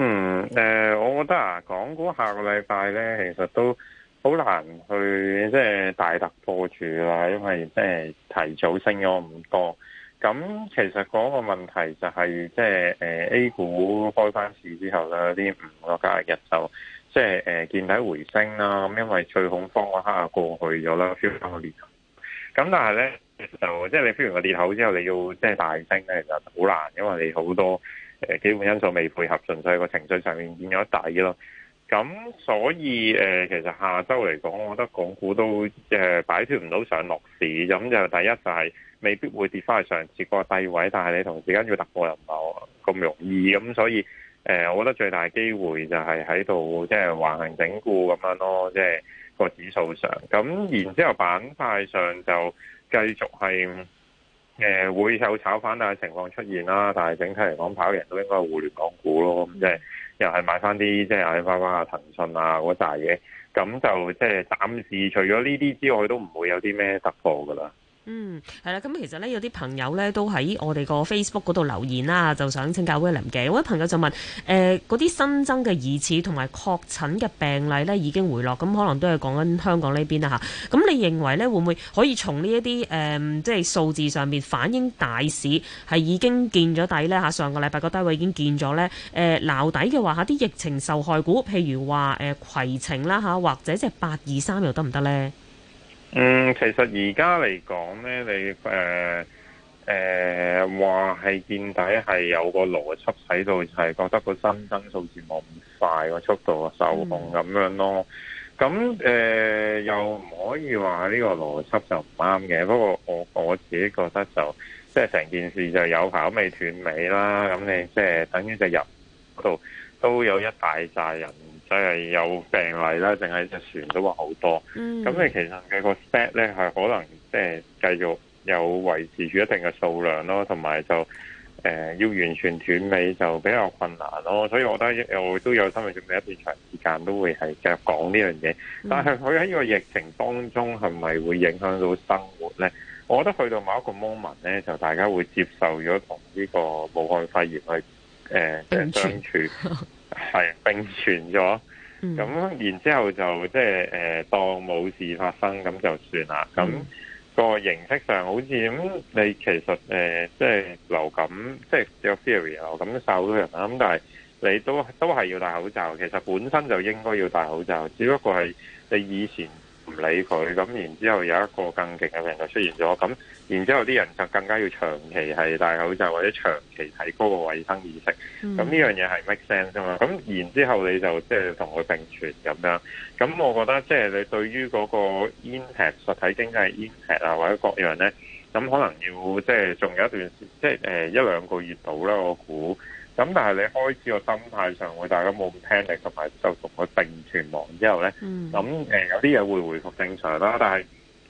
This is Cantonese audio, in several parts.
嗯，誒、呃，我覺得啊，港股下個禮拜咧，其實都好難去即係、就是、大突破住啦，因為即係提早升咗咁多。咁其實嗰個問題就係即係誒，A 股開翻市之後咧，啲唔個假日就即係誒見底回升啦。咁因為最恐慌嗰刻啊過去咗啦，開翻個裂口。咁但係咧，就即係你 feel 完個裂口之後，你要即係大升咧，其實好難，因為你好多。誒基本因素未配合，純粹個情緒上面變咗大嘅咯。咁所以誒、呃，其實下周嚟講，我覺得港股都誒擺、呃、脫唔到上落市。咁就第一就係、是、未必會跌翻去上次個低位，但係你同時間要突破又唔係話咁容易。咁所以誒、呃，我覺得最大機會就係喺度即係橫行整固咁樣咯。即、就、係、是個指數上，咁然之後板塊上就繼續係。誒會有炒反彈情況出現啦，但係整體嚟講，跑贏都應該係互聯網股咯，即係又係買翻啲即係阿里巴巴啊、騰訊啊嗰扎嘢，咁就即係暫時除咗呢啲之外，都唔會有啲咩突破㗎啦。嗯，係啦，咁其實咧有啲朋友咧都喺我哋個 Facebook 嗰度留言啦，就想請教 William 嘅，有位朋友就問，誒嗰啲新增嘅疑似同埋確診嘅病例咧已經回落，咁、嗯、可能都係講緊香港呢邊啦吓，咁、啊、你認為咧會唔會可以從呢一啲誒即係數字上面反映大市係已經見咗底咧吓？上個禮拜個低位已經見咗咧，誒、呃、撈底嘅話吓，啲、啊、疫情受害股譬如話誒攜程啦吓、啊，或者即係八二三又得唔得咧？嗯，其實而家嚟講呢，你誒誒話係見底係有個邏輯喺度，就係、是、覺得個新增數字冇咁快個速度啊，受控咁樣咯。咁誒、呃、又唔可以話呢個邏輯就唔啱嘅。不過我我自己覺得就即係成件事就有排未斷尾啦。咁你即係等於就入嗰度都有一大扎人。就係有病例啦，定係隻船都話好多。咁你其實嘅個 set 咧，係可能即係繼續有維持住一定嘅數量咯，同埋就誒要完全斷尾就比較困難咯。所以我覺得我都有心理準備一段長時間都會係繼續講呢樣嘢。但係佢喺呢個疫情當中係咪會影響到生活咧？我覺得去到某一個 moment 咧，就大家會接受咗同呢個武漢肺炎去誒相處。係並存咗，咁、嗯、然之後就即係誒，當冇事發生咁就算啦。咁、嗯、個形式上好似咁，你其實誒，即、呃、係、就是、流感，即、就、係、是、個 theory 流感少咗人啦。咁但係你都都係要戴口罩，其實本身就應該要戴口罩，只不過係你以前，唔理佢，咁然之後有一個更勁嘅病就出現咗，咁然之後啲人就更加要長期係戴口罩或者長期提高個衞生意識，咁呢樣嘢係 make sense 嘛？咁然之後你就即係同佢並存咁樣，咁我覺得即係、就是、你對於嗰個 impact 實體經濟 impact 啊或者各樣呢，咁可能要即係仲有一段時，即、就、係、是、一兩個月到啦，我估。咁但係你開始個心態上，會大家冇咁聽你，同埋就同個定存亡之後咧，咁誒、嗯、有啲嘢會回復正常啦。但係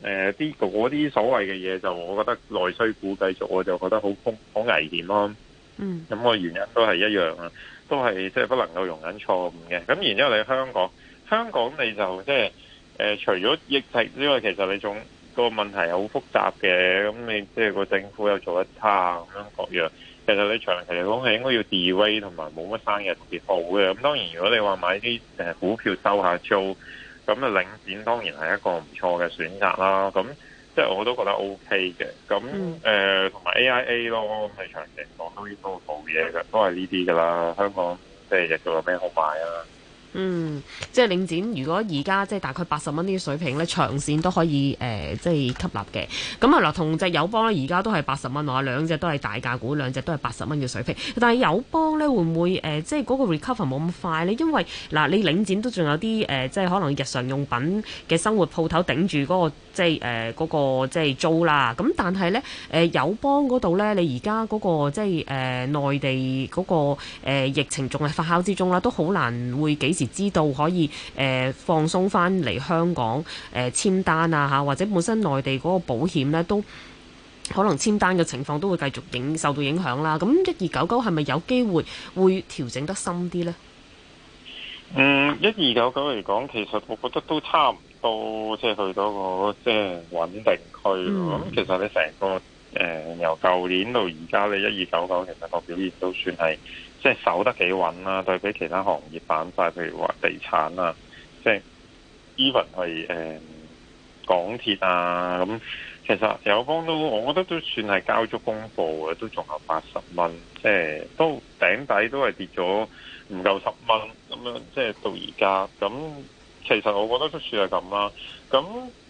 誒啲嗰啲所謂嘅嘢，就我覺得內需股繼續，我就覺得好恐好危險咯、啊。嗯，咁個原因都係一樣啊，都係即係不能夠容忍錯誤嘅。咁然之後你香港，香港你就即係誒，除咗疫情之外，其實你總、那個問題係好複雜嘅。咁你即係、就是、個政府又做得差咁樣各樣。其實你長期嚟講係應該要 div 同埋冇乜生日特別好嘅。咁當然如果你話買啲誒股票收下租，咁啊領展當然係一個唔錯嘅選擇啦。咁即係我都覺得 OK 嘅。咁誒同埋 AIA 咯，咁你長期嚟講都依度做嘢嘅，都係呢啲㗎喇。香港即係日做有咩好買啊？嗯，即係領展，如果而家即係大概八十蚊呢啲水平咧，長線都可以誒、呃、即係吸納嘅。咁啊，嗱，同隻友邦咧，而家都係八十蚊，兩隻都係大價股，兩隻都係八十蚊嘅水平。但係友邦咧，會唔會誒、呃、即係嗰個 recover 冇咁快咧？因為嗱、呃，你領展都仲有啲誒、呃、即係可能日常用品嘅生活鋪頭頂住嗰、嗰個即係誒嗰個即係租啦。咁但係咧，誒、呃、友邦嗰度咧，你而家嗰個即係誒、呃、內地嗰、嗰個誒、呃、疫情仲係發酵之中啦，都好難會幾時。知道可以誒、呃、放鬆翻嚟香港誒、呃、簽單啊嚇，或者本身內地嗰個保險呢，都可能簽單嘅情況都會繼續影受到影響啦。咁一二九九係咪有機會會調整得深啲呢？嗯，一二九九嚟講，其實我覺得都差唔多，即、就、係、是、去到個即係、就是、穩定區咁、嗯、其實你成個誒、呃、由舊年到而家你一二九九其實個表現都算係。即係守得幾穩啦，對比其他行業板塊，譬如話地產啊，即係 even 係誒港鐵啊，咁其實有方都，我覺得都算係交足功課嘅，都仲有八十蚊，即係都頂底都係跌咗唔夠十蚊咁樣，即係到而家咁，其實我覺得都算係咁啦。咁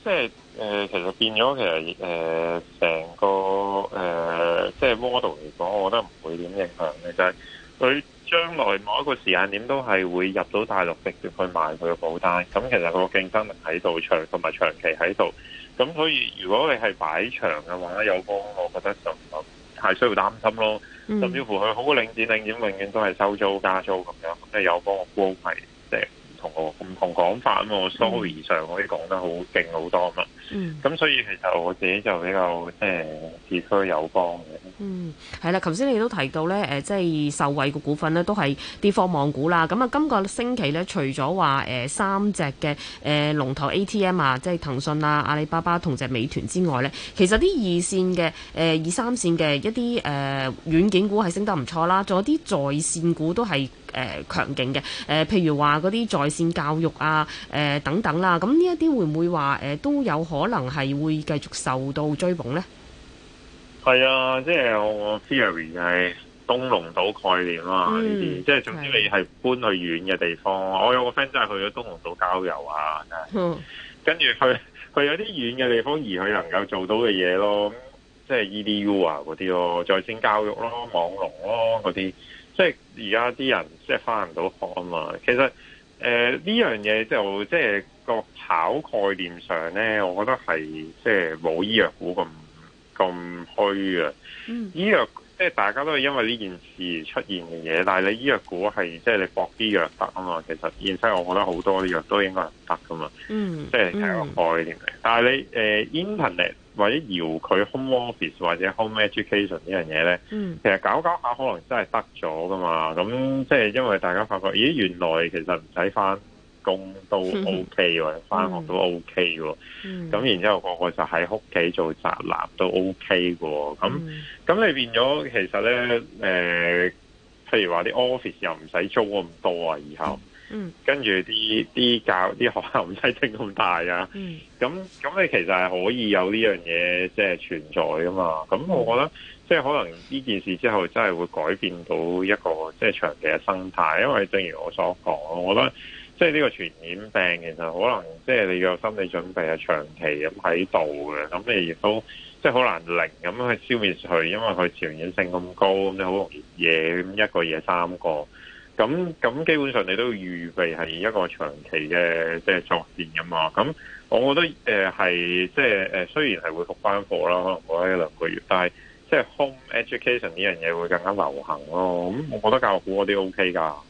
即係誒、呃，其實變咗其實誒成、呃、個誒、呃、即係 model 嚟講，我覺得唔會點影響嘅，就係。佢將來某一個時間點都係會入到大陸直接去買佢嘅保單，咁其實佢個競爭力喺度長同埋長期喺度，咁所以如果你係擺長嘅話，有幫我覺得就唔太需要擔心咯。甚至乎佢好嘅領展，領展永遠都係收租加租咁樣，即係有幫我幫係同唔同講法啊 story 上可以講得好勁好多啊嘛，咁、嗯、所以其實我自己就比較誒、呃、自需有幫嘅。嗯，係啦，頭先你都提到咧，誒、呃、即係受惠嘅股份呢都係科網股啦。咁、嗯、啊，今個星期咧除咗話誒三隻嘅誒、呃、龍頭 ATM 啊，即係騰訊啊、阿里巴巴同隻美團之外咧，其實啲二線嘅誒、呃、二三線嘅一啲誒、呃、軟件股係升得唔錯啦，仲有啲在線股都係誒、呃、強勁嘅，誒、呃、譬如話嗰啲在在線教育啊，誒、呃、等等啦、啊，咁呢一啲會唔會話誒、呃、都有可能係會繼續受到追捧呢？係啊，即、就、係、是、我 theory 係東龍島概念啊呢啲即係總之你係搬去遠嘅地方，是我有個 friend 真係去咗東龍島郊遊啊，跟住去去有啲遠嘅地方而佢能夠做到嘅嘢咯，即係 Edu 啊嗰啲咯，在線教育咯，網龍咯嗰啲，即係而家啲人即係返唔到學啊嘛，其實。誒呢樣嘢就即係個炒概念上咧，我覺得係即係冇醫藥股咁咁虛嘅，嗯，醫藥。即係大家都係因為呢件事出現嘅嘢，但係你醫藥股係即係你搏啲藥得啊嘛，其實現時我覺得好多啲藥都應該唔得噶嘛，即係有個概念。嗯、但係你誒 internet、呃、或者搖佢 home office 或者 home education 呢樣嘢咧，嗯、其實搞搞下可能真係得咗噶嘛，咁即係因為大家發覺咦原來其實唔使返。嗯嗯、都 OK 喎，返學都 OK 喎，咁、嗯、然之後個個就喺屋企做宅男都 OK 嘅喎。咁咁、嗯嗯、你變咗其實呢，誒、呃，譬如話啲 office 又唔使租咁多啊，以後，嗯、跟住啲啲教啲學校唔使整咁大啊，咁咁你其實係可以有呢樣嘢即係存在噶嘛，咁我覺得即係可能呢件事之後真係會改變到一個即係、就是、長期嘅生態，因為正如我所講，我覺得。嗯即係呢個傳染病，其實可能即係你個心理準備係長期咁喺度嘅，咁你亦都即係好難零咁去消滅佢，因為佢傳染性咁高，咁你好容易惹，咁一個惹三個，咁咁基本上你都要預備係一個長期嘅即係作戰㗎嘛。咁我覺得誒係、呃、即係誒、呃，雖然係會復返課啦，可能過一兩個月，但係即係 home education 呢樣嘢會更加流行咯。咁我覺得教育股嗰啲 O K 噶。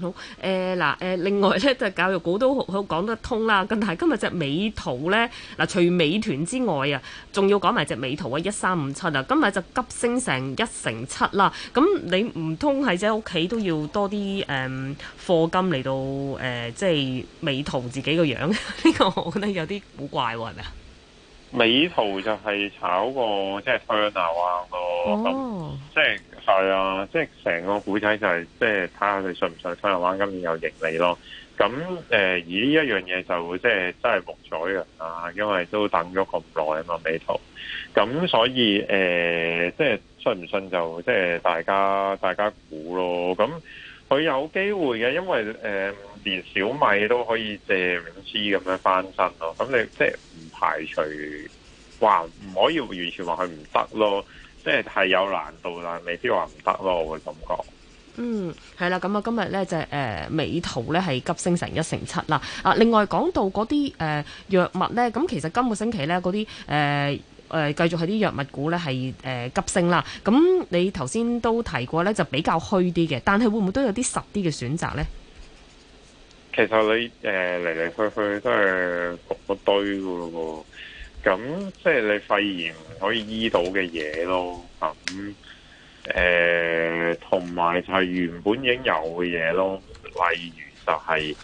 好，誒、欸、嗱，誒另外咧，就教育股都好講得通啦。咁但係今日隻美圖咧，嗱，除美團之外啊，仲要講埋隻美圖啊，一三五七啊，今日就急升成一成七啦。咁你唔通係喺屋企都要多啲誒課金嚟到誒、呃，即係美圖自己個樣？呢 個我覺得有啲古怪喎，係咪啊？美圖就係炒過即係香奈兒咯，即係、er, 那個。Oh. 即係啊，即係成個故仔就係、是、即係睇下佢信唔信。三日玩今年有盈利咯。咁誒，而、呃、呢一樣嘢就即係真係望咗人啦、啊，因為都等咗咁耐啊嘛，美圖。咁所以誒、呃，即係信唔信就即係大家大家估咯。咁佢有機會嘅，因為誒、呃、連小米都可以借融資咁樣翻身咯。咁你即係唔排除，話唔可以完全話佢唔得咯。即係係有難度啦，未必話唔得咯，我嘅感覺。嗯，係啦，咁啊，今日呢，就誒、係、呃、美圖呢係急升成一成七啦。啊，另外講到嗰啲誒藥物呢，咁其實今個星期呢，嗰啲誒誒繼續係啲藥物股呢係誒、呃、急升啦。咁你頭先都提過呢，就比較虛啲嘅，但係會唔會都有啲實啲嘅選擇呢？其實你誒嚟嚟去去都係嗰堆噶咯。咁即係你肺炎可以醫到嘅嘢咯，咁誒，同、呃、埋就係原本已經有嘅嘢咯，例如就係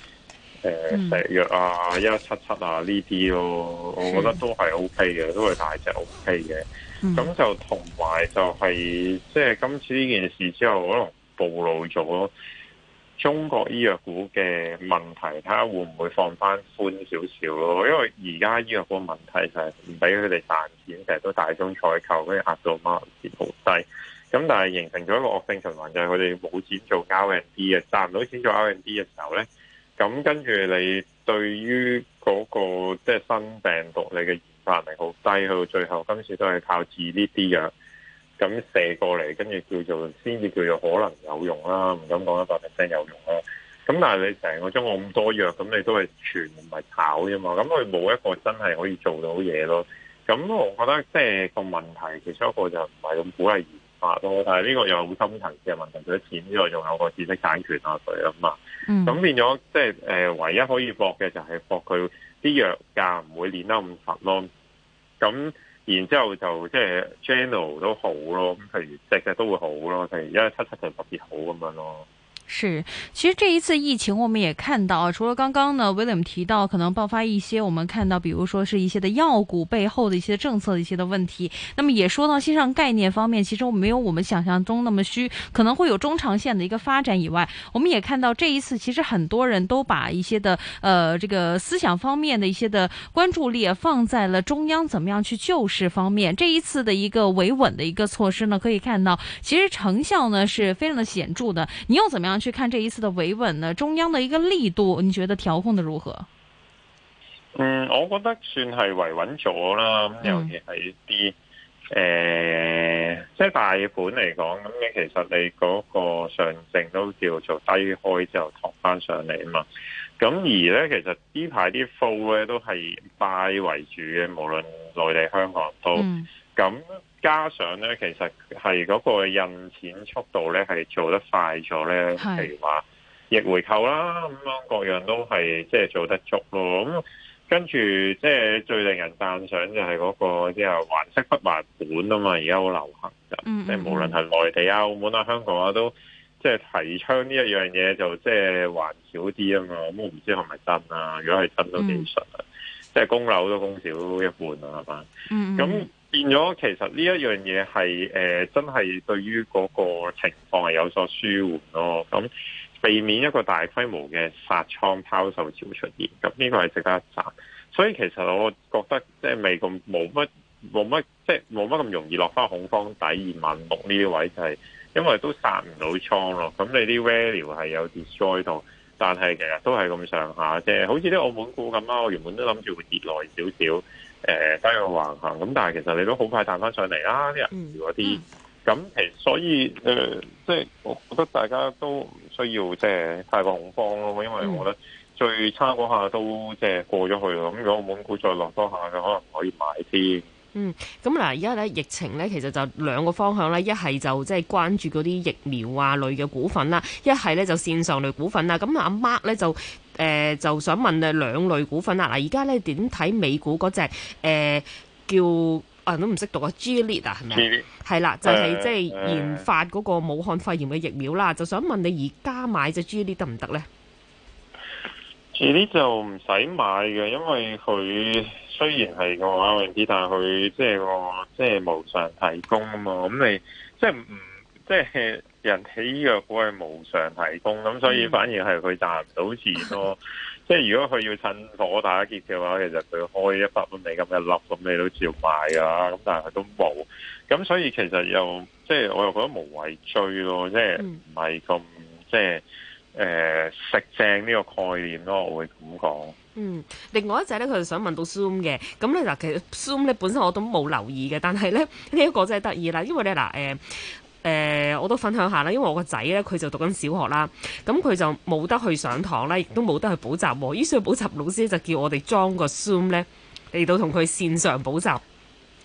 誒石藥啊、一一七七啊呢啲咯，我覺得都係 O K 嘅，都係大致 O K 嘅。咁就同埋就係、是、即係今次呢件事之後，可能暴露咗，中國醫藥股嘅問題，睇下會唔會放翻寬少少咯？因為而家醫藥股問題就係唔俾佢哋賺錢，成日都大宗採購，跟住壓到 Margin 好低。咁但係形成咗一個惡性循環，就係佢哋冇錢做 R&D 嘅，賺唔到錢做 R&D 嘅時候咧，咁跟住你對於嗰、那個即係、就是、新病毒，你嘅研發力好低，去到最後今次都係靠治呢啲藥。咁射過嚟，跟住叫做先至叫做可能有用啦，唔敢講一百 percent 有用啦。咁但係你成個中國咁多藥，咁你都係全唔係炒啫嘛。咁佢冇一個真係可以做到嘢咯。咁我覺得即係個問題，其實一個就唔係咁鼓勵研發咯。但係呢個又係好深層次嘅問題，除咗錢之外，仲有個知識產權啊，佢啊嘛。咁變咗即係誒、呃，唯一可以博嘅就係博佢啲藥價唔會跌得咁實咯。咁然之後就即係 general 都好咯，咁譬如隻隻都會好咯，譬如而家七七就特別好咁樣咯。是，其實這一次疫情，我們也看到，啊，除了剛剛呢，William 提到可能爆發一些，我們看到，比如說是一些的藥股背後的一些政策的一些的問題，那麼也說到線上概念方面，其實我沒有我們想象中那麼虛，可能會有中長線的一個發展以外，我們也看到這一次，其實很多人都把一些的，呃，這個思想方面的一些的關注力放在了中央怎麼樣去救市方面，這一次的一個維穩的一個措施呢，可以看到其實成效呢是非常的顯著的，你又怎麼樣？去看這一次的維穩呢？中央的一個力度，你覺得調控得如何？嗯，我覺得算係維穩咗啦，嗯、尤其喺啲誒，即係大盤嚟講，咁其實你嗰個上證都叫做低開之後托翻上嚟啊嘛。咁而呢，其實呢排啲 flow 都係 buy 為主嘅，無論內地、香港都。嗯咁加上咧，其實係嗰個印錢速度咧係做得快咗咧，譬是如話逆回購啦，咁、嗯、樣各樣都係即係做得足咯。咁、嗯嗯、跟住即係最令人讚賞就係嗰、那個即係還息不還本啊嘛，而家好流行噶，嗯嗯、即係無論係內地啊、澳門啊、香港啊，都即係、就是、提倡呢一樣嘢，就即係還少啲啊嘛。咁、嗯、唔、嗯、知係咪真啦、啊？如果係真都幾神啊！即係供樓都供少一半啊，係嘛？咁。咁其實呢一樣嘢係誒真係對於嗰個情況係有所舒緩咯，咁避免一個大規模嘅殺倉拋售潮出現，咁呢個係值得一讚。所以其實我覺得即係未咁冇乜冇乜即係冇乜咁容易落翻恐慌底，而萬六呢啲位，就係因為都殺唔到倉咯。咁你啲 value 係有 destroy 到，但係其實都係咁上下，即、啊、係好似啲澳門股咁啦。我原本都諗住會跌耐少少。誒，低個橫行咁，但係其實你都好快彈翻上嚟啦，啲人少果啲咁，其所以誒，即係我覺得大家都唔需要即係太過恐慌咯，因為我覺得最差嗰下都即係過咗去咯。咁如果港股再落多下嘅，可能可以買啲。嗯，咁嗱，而家咧疫情咧，其實就兩個方向咧，一係就即係關注嗰啲疫苗啊類嘅股份啦，啊，一係咧就綫上類股份啦，啊。咁、嗯、阿、嗯嗯啊啊啊啊，Mark 咧就。誒、呃，就想問你兩類股份啦，嗱，而家咧點睇美股嗰隻誒叫啊，人都唔識讀啊 Gilead 啊係咪？係啦，就係即係研發嗰個武漢肺炎嘅疫苗啦。呃、就想問你而家買隻 Gilead 得唔得咧？Gilead 就唔使買嘅，因為佢雖然係個 i v a 但係佢即係個即係、就是、無償提供啊嘛。咁你即係唔即係？就是就是就是人喜藥股係無償提供，咁所以反而係佢賺唔到錢咯。 即係如果佢要趁火打劫嘅話，其實佢開一百蚊美金一粒，咁你都照買啊。咁但係佢都冇，咁所以其實又即係我又覺得無謂追咯，即係唔係咁即係誒食正呢個概念咯、啊。我會咁講。嗯，另外一隻咧，佢就想問到 Zoom 嘅，咁咧嗱，其實 Zoom 咧本身我都冇留意嘅，但係咧呢一、這個真係得意啦，因為咧嗱，誒。呃呃呃呃呃呃呃呃誒、呃，我都分享下啦，因為我個仔咧，佢就讀緊小學啦，咁佢就冇得去上堂啦，亦都冇得去補習喎。於是補習老師就叫我哋裝個 Zoom 咧，嚟到同佢線上補習。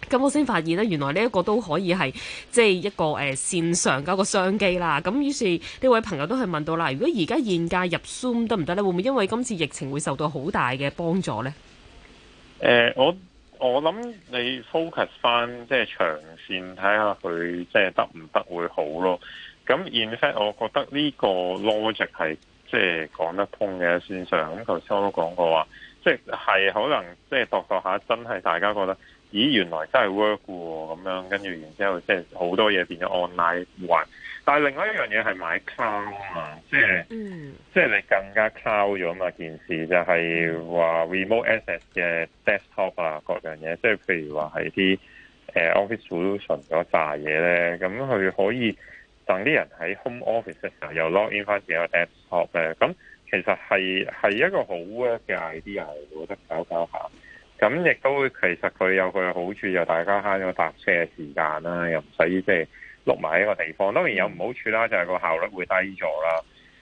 咁我先發現呢，原來呢一個都可以係即係一個誒、呃、線上嘅一個商機啦。咁於是呢位朋友都係問到啦：「如果而家現價入 Zoom 得唔得呢？會唔會因為今次疫情會受到好大嘅幫助呢？」誒、呃，我。我諗你 focus 翻即係長線睇下佢即係得唔得會好咯。咁 in fact，我覺得呢個 logic 係即係講得通嘅線上。咁頭先我都講過話，即係係可能即係度度下真係大家覺得。咦，原來真係 work 嘅喎，咁樣跟住然之後，即係好多嘢變咗 online 玩。但係另外一樣嘢係買 cloud 啊，即係即係你更加 cloud 咗嘛？件事就係話 remote access 嘅 desktop 啊，各樣嘢，即係譬如話係啲誒 office solution 嗰啲嘢咧，咁佢可以等啲人喺 home office 嘅時候又 log in 翻自己嘅 desktop 咧。咁其實係係一個好 work 嘅 idea 嚟，我覺得搞搞下。咁亦都其實佢有佢嘅好處，就大家慳咗搭車嘅時間啦，又唔使即係碌埋喺個地方。當然有唔好處啦，就係、是、個效率會低咗啦。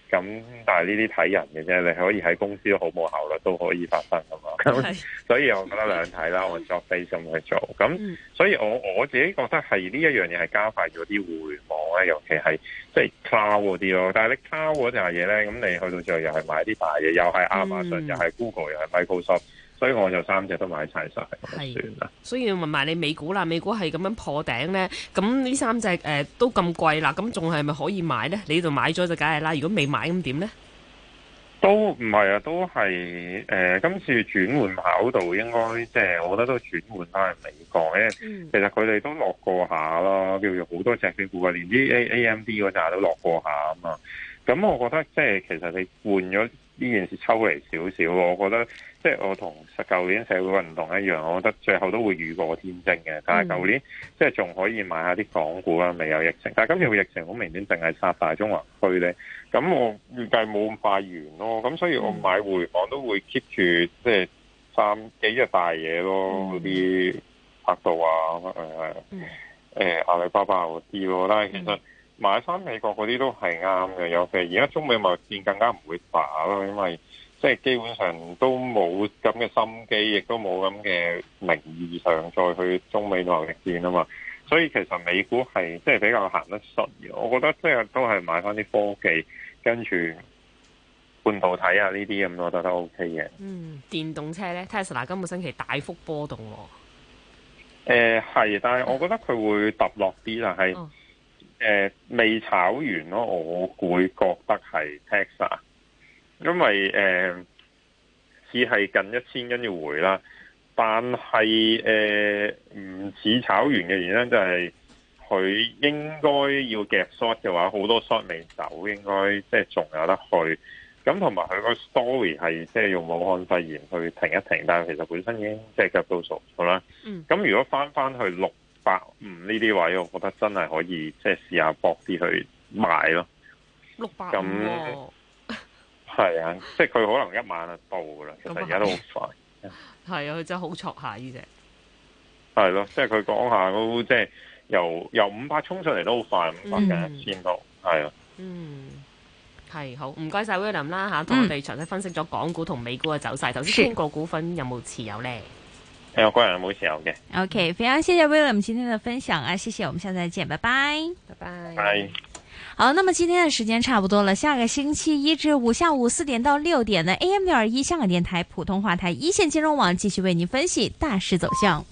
咁但係呢啲睇人嘅啫，你可以喺公司好冇效率都可以發生噶嘛。 所以我覺得兩睇啦，我作細心去做。咁 所以我我自己覺得係呢一樣嘢係加快咗啲互聯網咧，尤其係即係 cloud 嗰啲咯。但係你 cloud 嗰啲嘢咧，咁你去到最後又係買啲大嘢，又係亞馬遜，又係 Google，又係 Microsoft。所以我就三隻都買晒晒，算啦。所以問埋你美股啦，美股係咁樣破頂呢？咁呢三隻誒、呃、都咁貴啦，咁仲係咪可以買呢？你買就買咗就梗係啦，如果未買咁點呢？都唔係啊，都係誒、呃、今次轉換跑道，應該即係我覺得都轉換翻美國嘅。因為其實佢哋都落過下啦，嗯、叫做好多隻股啊，連啲 AMD 嗰扎都落過下啊嘛。咁我覺得即係其實你換咗呢件事抽離少少，我覺得。即係我同舊年社會運動一樣，我覺得最後都會雨過天晴嘅。但係舊年、嗯、即係仲可以買下啲港股啦，未有疫情。但係今次疫情，好明顯淨係殺大中華區咧，咁我預計冇咁快完咯。咁所以我買回房都會 keep 住即係三幾隻大嘢咯，嗰啲百度啊，誒、呃、誒、呃、阿里巴巴嗰啲咯。但係其實買翻美國嗰啲都係啱嘅，尤其而家中美貿易戰更加唔會打咯，因為。即係基本上都冇咁嘅心機，亦都冇咁嘅名義上再去中美貿易戰啊嘛。所以其實美股係即係比較行得順，我覺得即係都係買翻啲科技跟住半導體啊呢啲咁，我覺得都 OK 嘅。嗯，電動車咧，Tesla 今個星期大幅波動喎。誒係、呃，但係我覺得佢會揼落啲，但係誒、嗯呃、未炒完咯，我會覺得係 Tesla。因為誒、呃，似係近一千跟住回啦，但係誒唔似炒完嘅原因就係佢應該要夾 short 嘅話，好多 short 未走，應該即係仲有得去。咁同埋佢個 story 係即係用武漢肺炎去停一停，但係其實本身已經即係夾到數，好啦。咁、嗯、如果返返去六百五呢啲位，我覺得真係可以即係試下搏啲去買咯。六百五。那嗯係啊，即係佢可能一晚就到噶啦，其實而家都好快。係 啊，佢真係好挫下呢隻。係咯、 啊，即係佢講下即係由由五百衝上嚟，都好快，翻近一千多，係啊。嗯，係好，唔該晒 William 啦吓，同、啊、我哋詳細分析咗港股同美股嘅走勢。頭先、嗯，嗰股份有冇持有咧？係 我個人有冇持有嘅。OK，非常謝謝 William 今日嘅分享啊！謝謝，我們下次再見，拜拜，拜拜。好，那麼今天的時間差不多了，下個星期一至五下午四點到六點的 AM 六二一香港電台普通話台一線金融網繼續為您分析大勢走向。